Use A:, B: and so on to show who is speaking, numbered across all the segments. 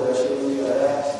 A: واشهد ان لا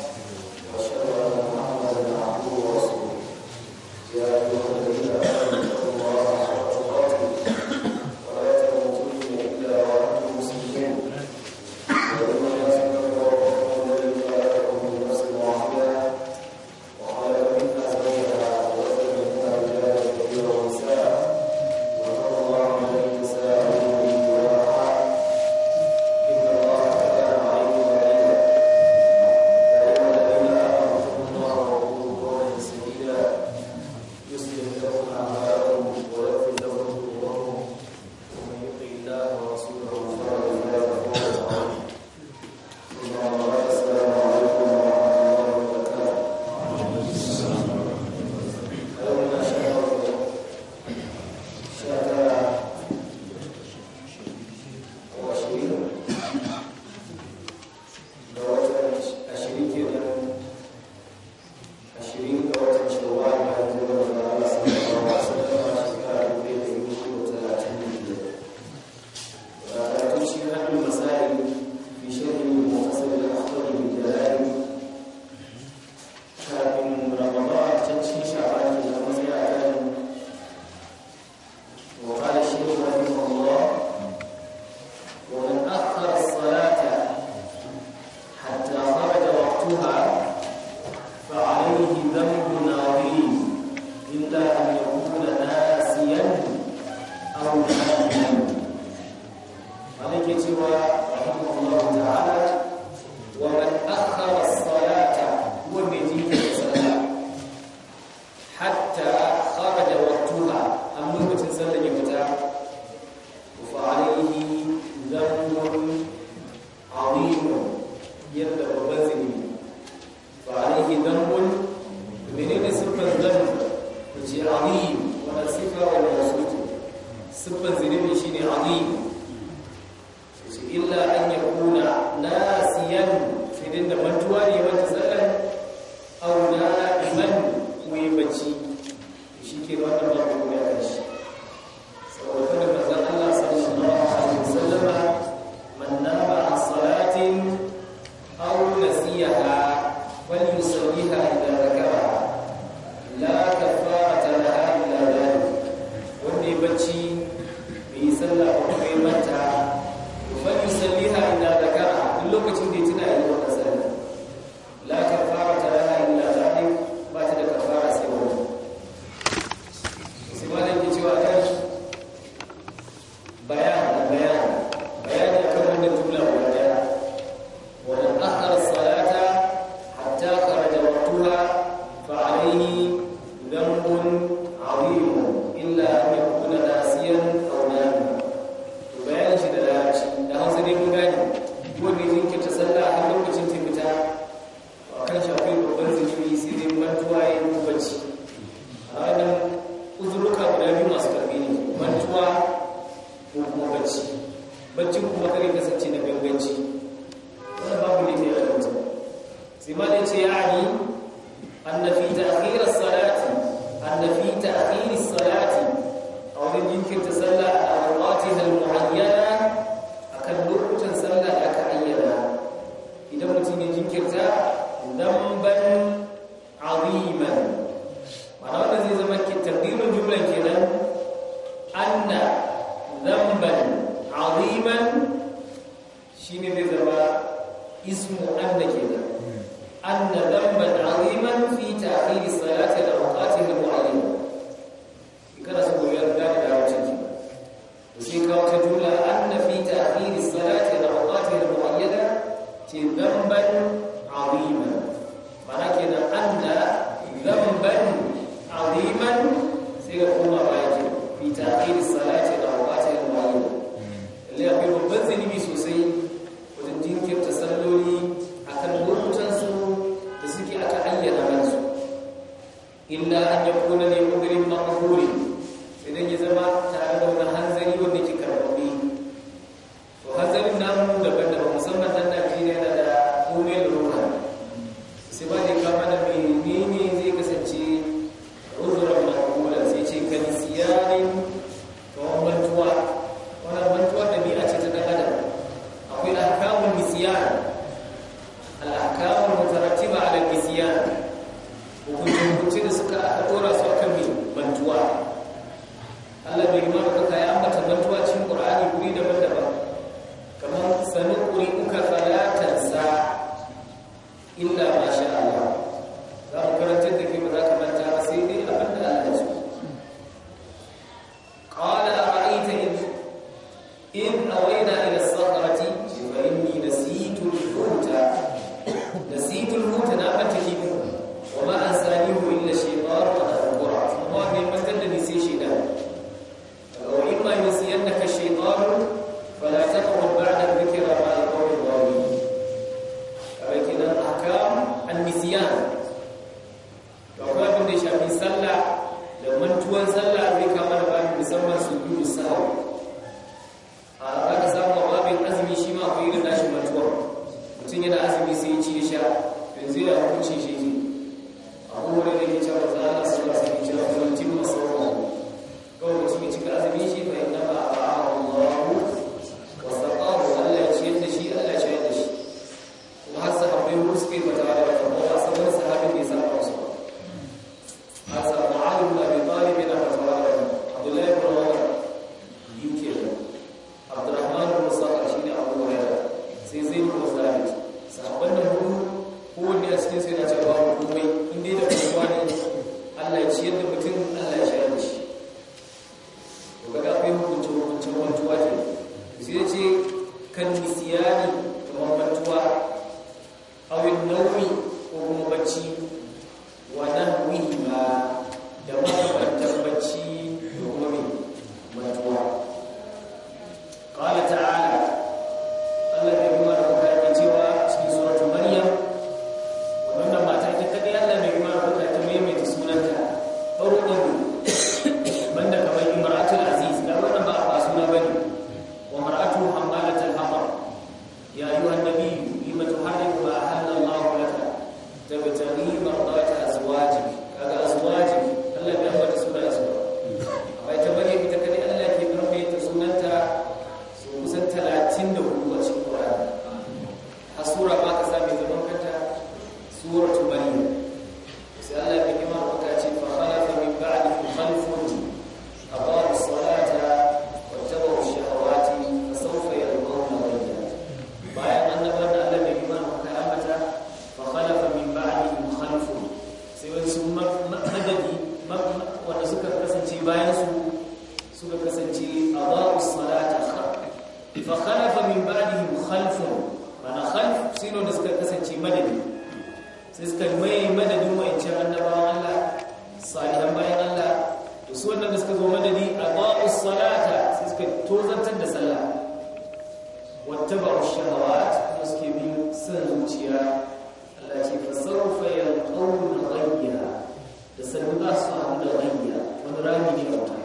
A: Yusuf Abubakar ya kasance 어떤 Allah ce fa sawfa yalqawna ghayya da sanu za su haɗu da ghayya wani rami ne a wuta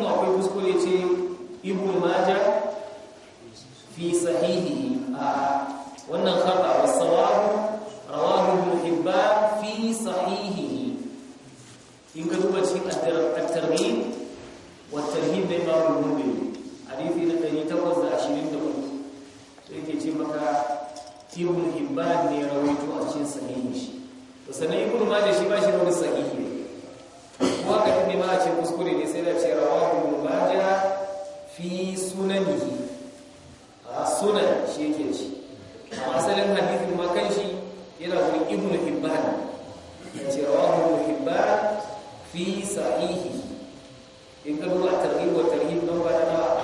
A: wannan akwai kuskure ce ibnu majah fi sahihi a wannan khata wasawahu rawahu ibn hibban fi sahihi in ka duba cikin at-targhib wa at-tarhib da imam al-bukhari hadisi na 824 sai yake ce maka ibn hibban ne rawaito a cikin sahihi shi to sanan ibn majah shi ba shi rawaito sahihi ma a ce kuskure ne sai da ce rawahu ibn majah fi sunanihi a sunan shi yake ci, a asalin hadithin ma shi yana da ibnu hibban ya ce rawahu ibn hibban fi sahihi in ka duba tarhib wa tarhib nan ba da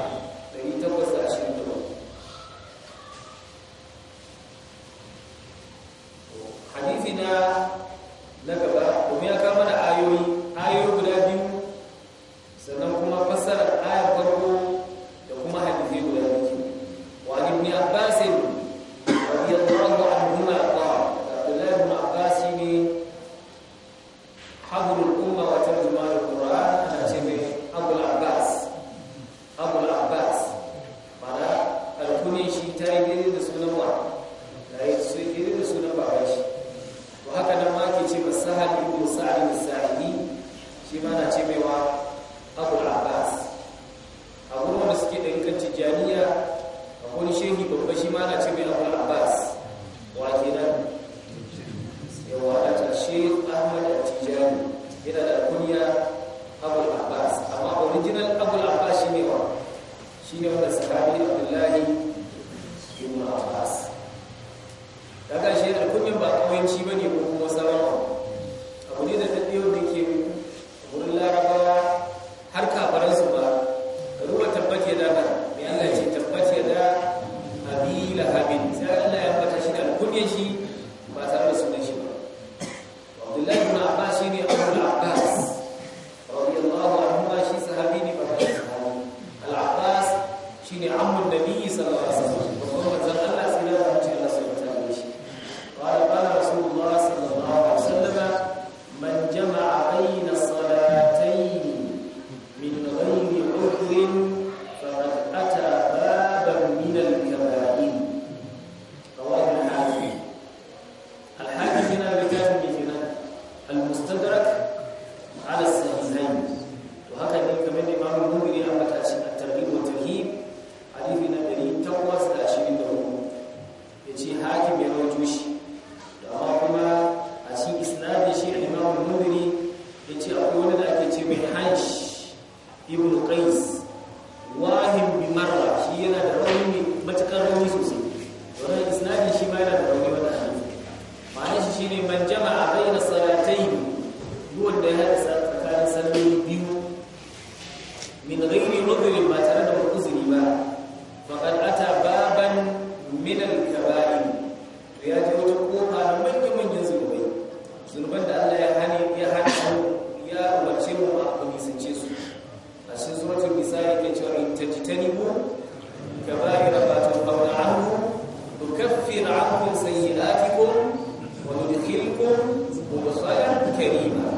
A: gari ba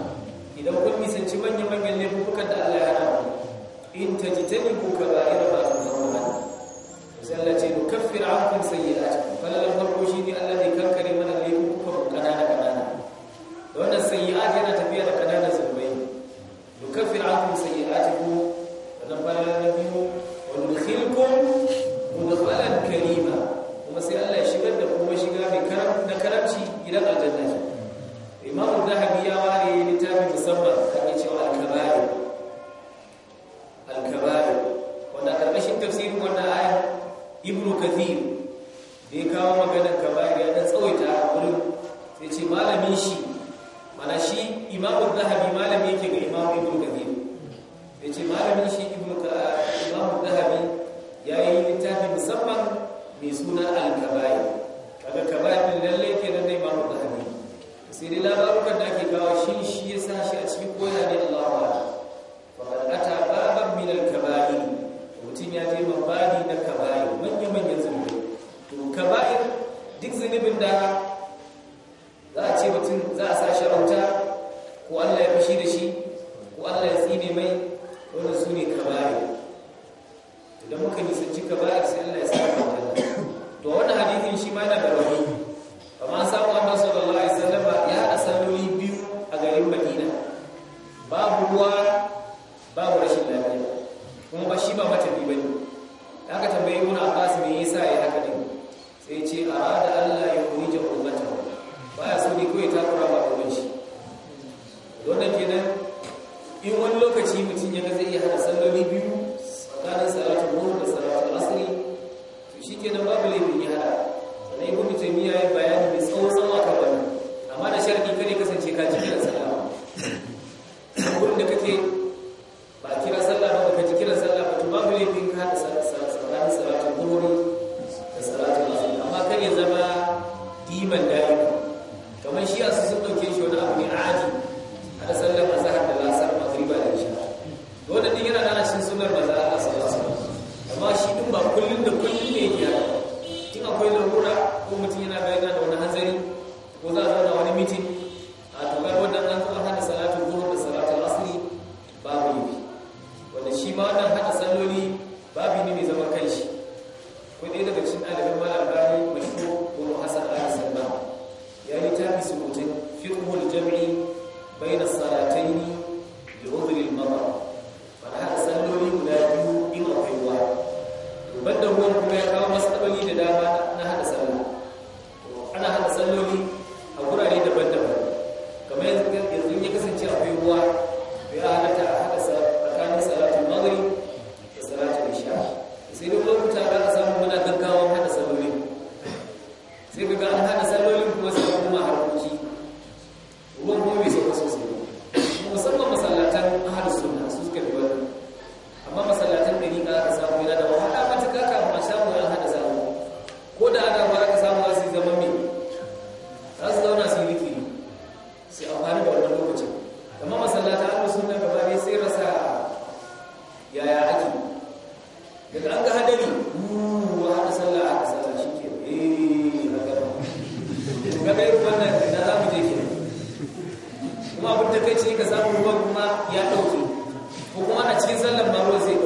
A: idan kun misanci manya-manyan laifukan da Allah ya hana in tajtanibu kaba'ira ma zunubin da za a ce mutum za a sa rauta ko Allah ya fushi da shi ko Allah ya tsine mai wanda su ne kabari idan muka nisanci kabari sai Allah ya sa mu to wani hadithin shi ma yana da hadari wuuu eh, wannan da za kuma abin da kai ka samu ruwan kuma ya ɗauke ko kuma a cikin sallan ma zai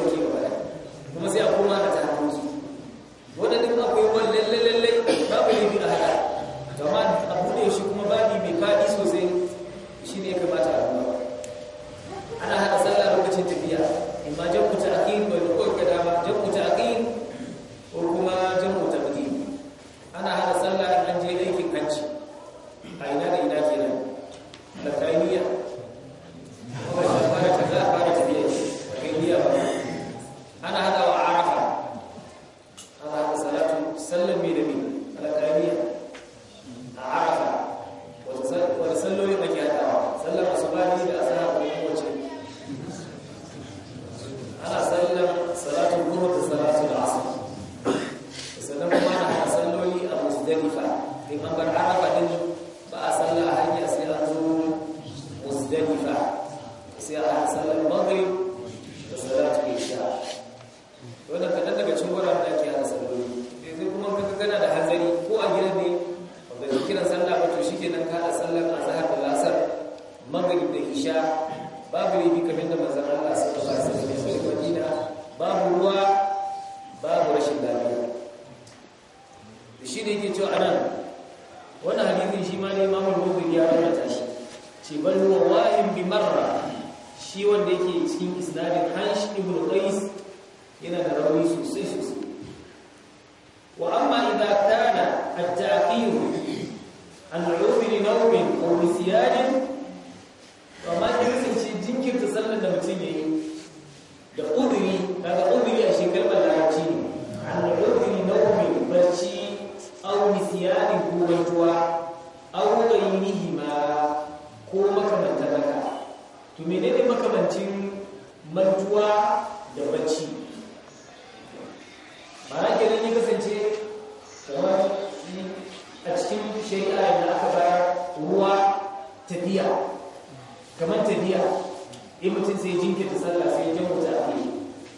A: ya jinkirta sallah sai ya jamuta a kai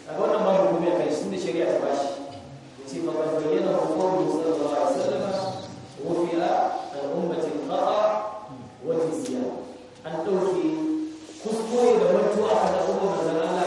A: kaga wannan ba mu kuma kai sun da shari'a ta bashi yace fa qad bayyana qawlu sallallahu alaihi wasallam wufira al ummati al khata an ɗauke kuskure da mantuwa a kan al'ummar manzon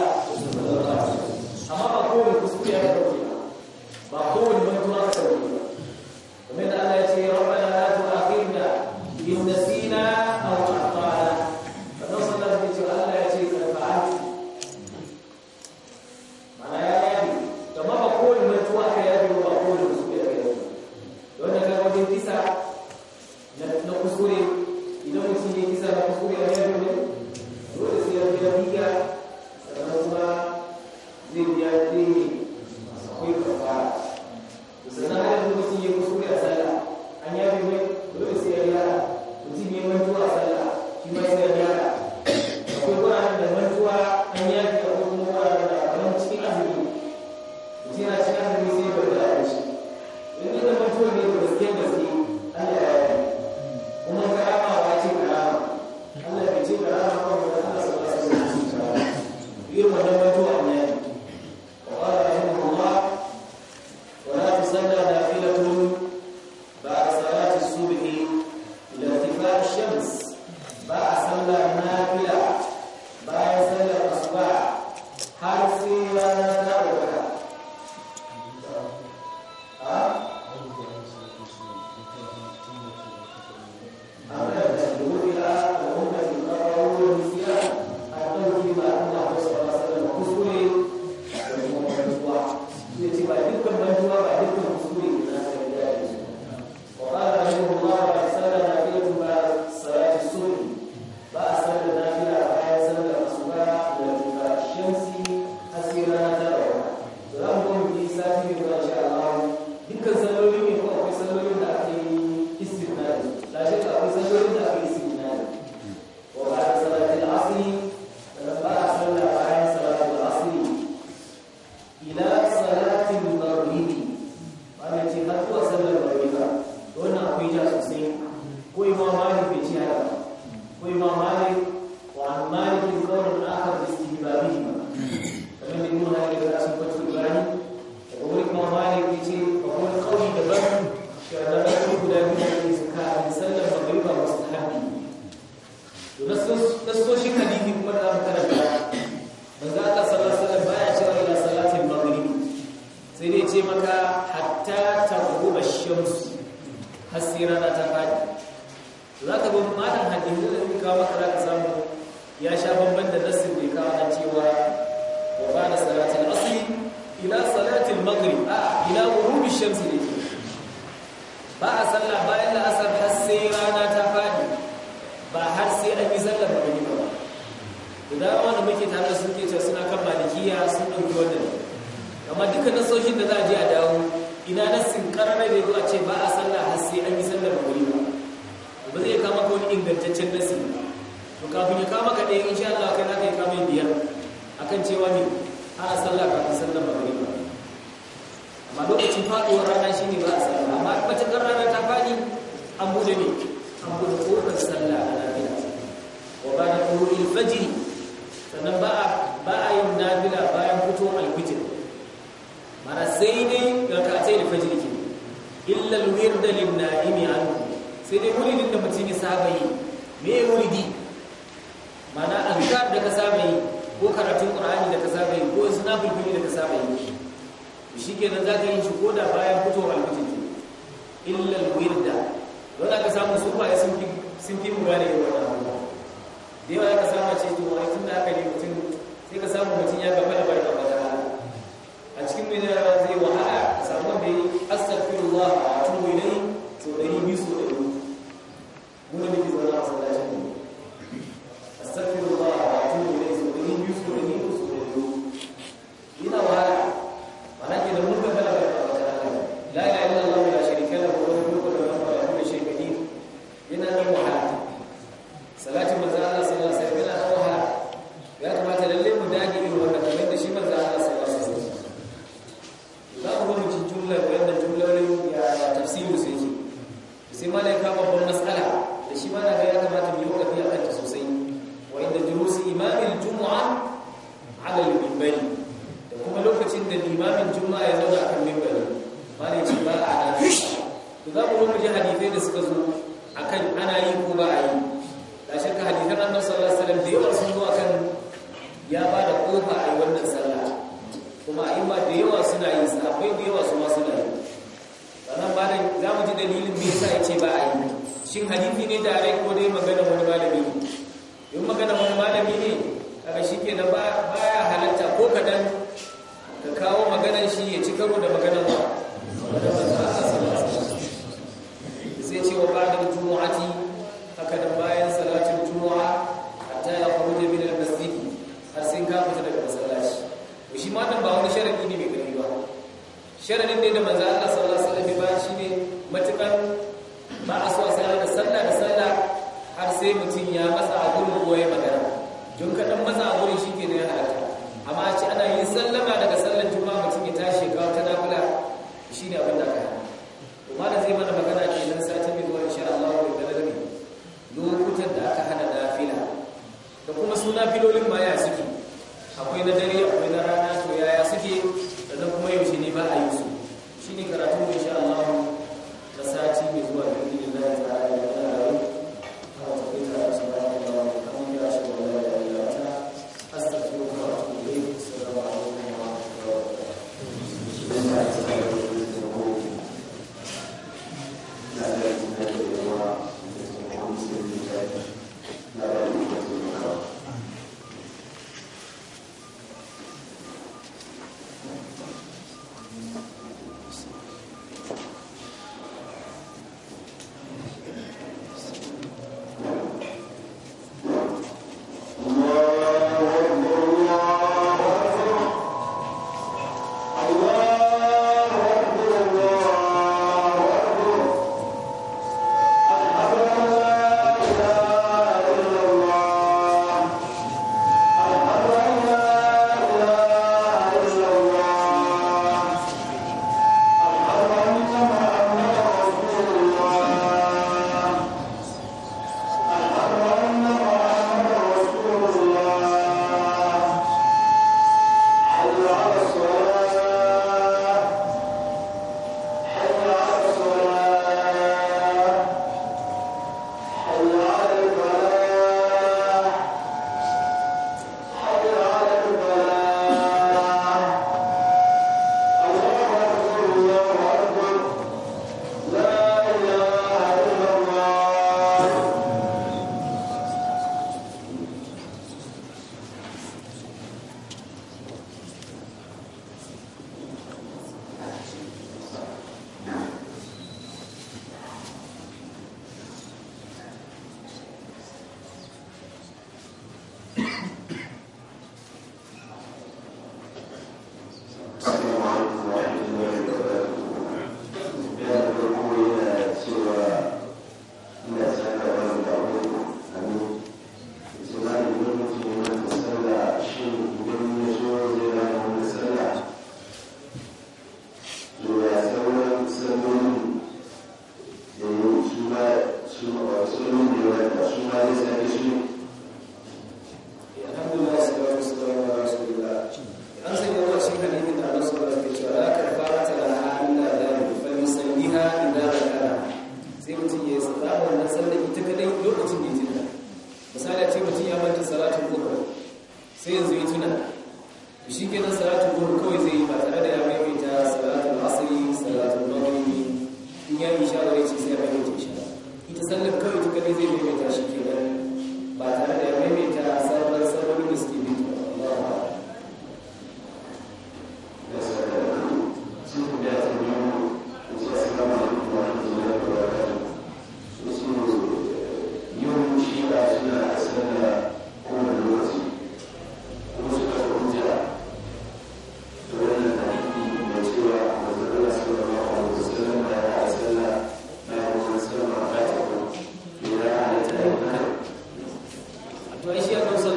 A: an bude ne an bude kofar sallah a nafila wa ba da ƙururin fajiri sannan ba a yin nafila bayan fito alfijir mana sai dai rakatai da fajiri ke illal wirda lil na'imi anhu sai dai wuridin da mutum ya saba yi me ya wuridi mana azkar da ka saba yi ko karatun qur'ani da ka saba yi ko sunafil da ka saba yi za ka yi shi da bayan fito alfijir illal wirda don aka samu su ba sun fi mu gane yin wannan abubuwa da yawa aka samu ce to wani tun da aka ne mutum sai ka samu mutum ya gaba da bari a bada a cikin mai da zai wahala a samu wanda ya yi astaghfirullah a tuwo ilai sau biyu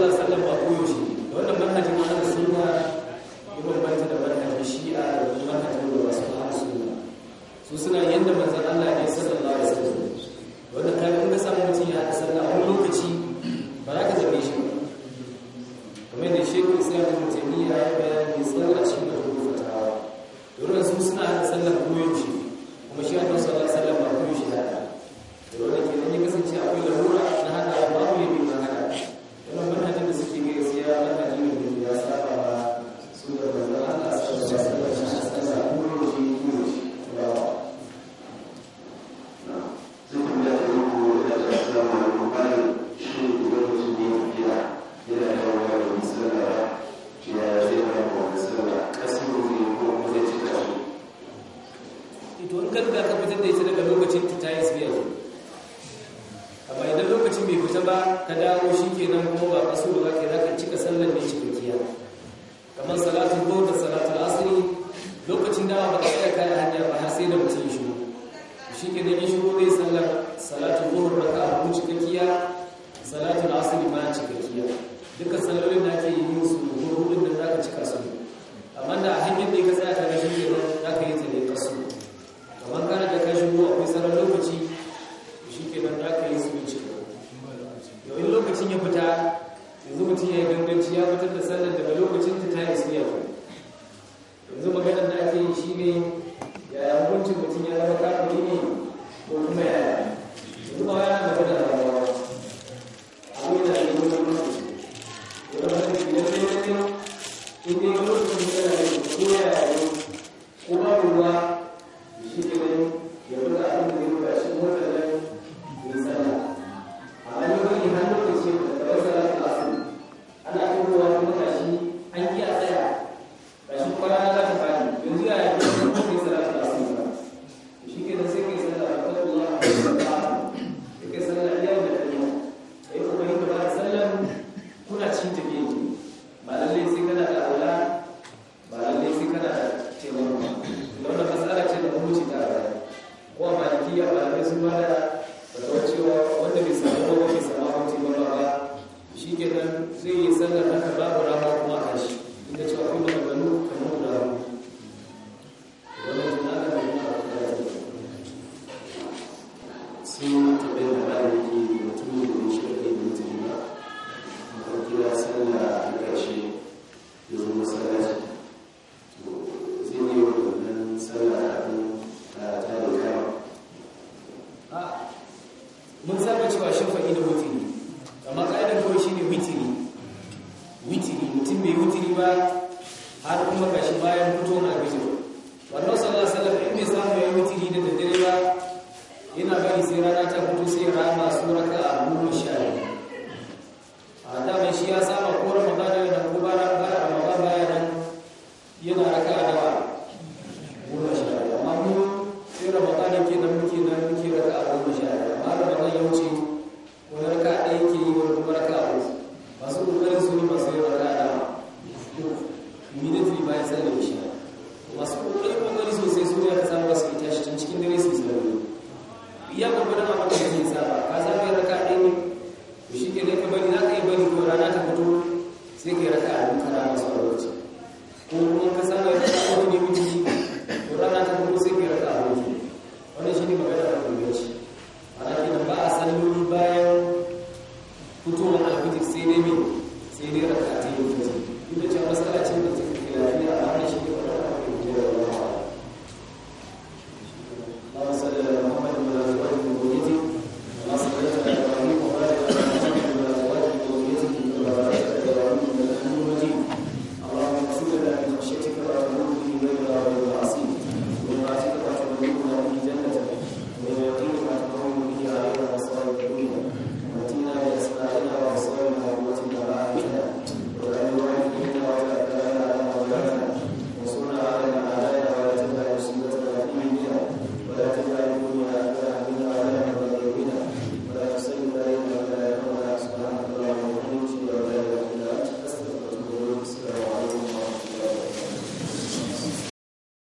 A: sallallahu alaihi wasallam a koyaushe da wannan manhajin da sunna ya bambanta da manhajin shi'a da manhajin da wasu sunna su suna yanda manzon Allah ne sallallahu alaihi wasallam Ia berbeda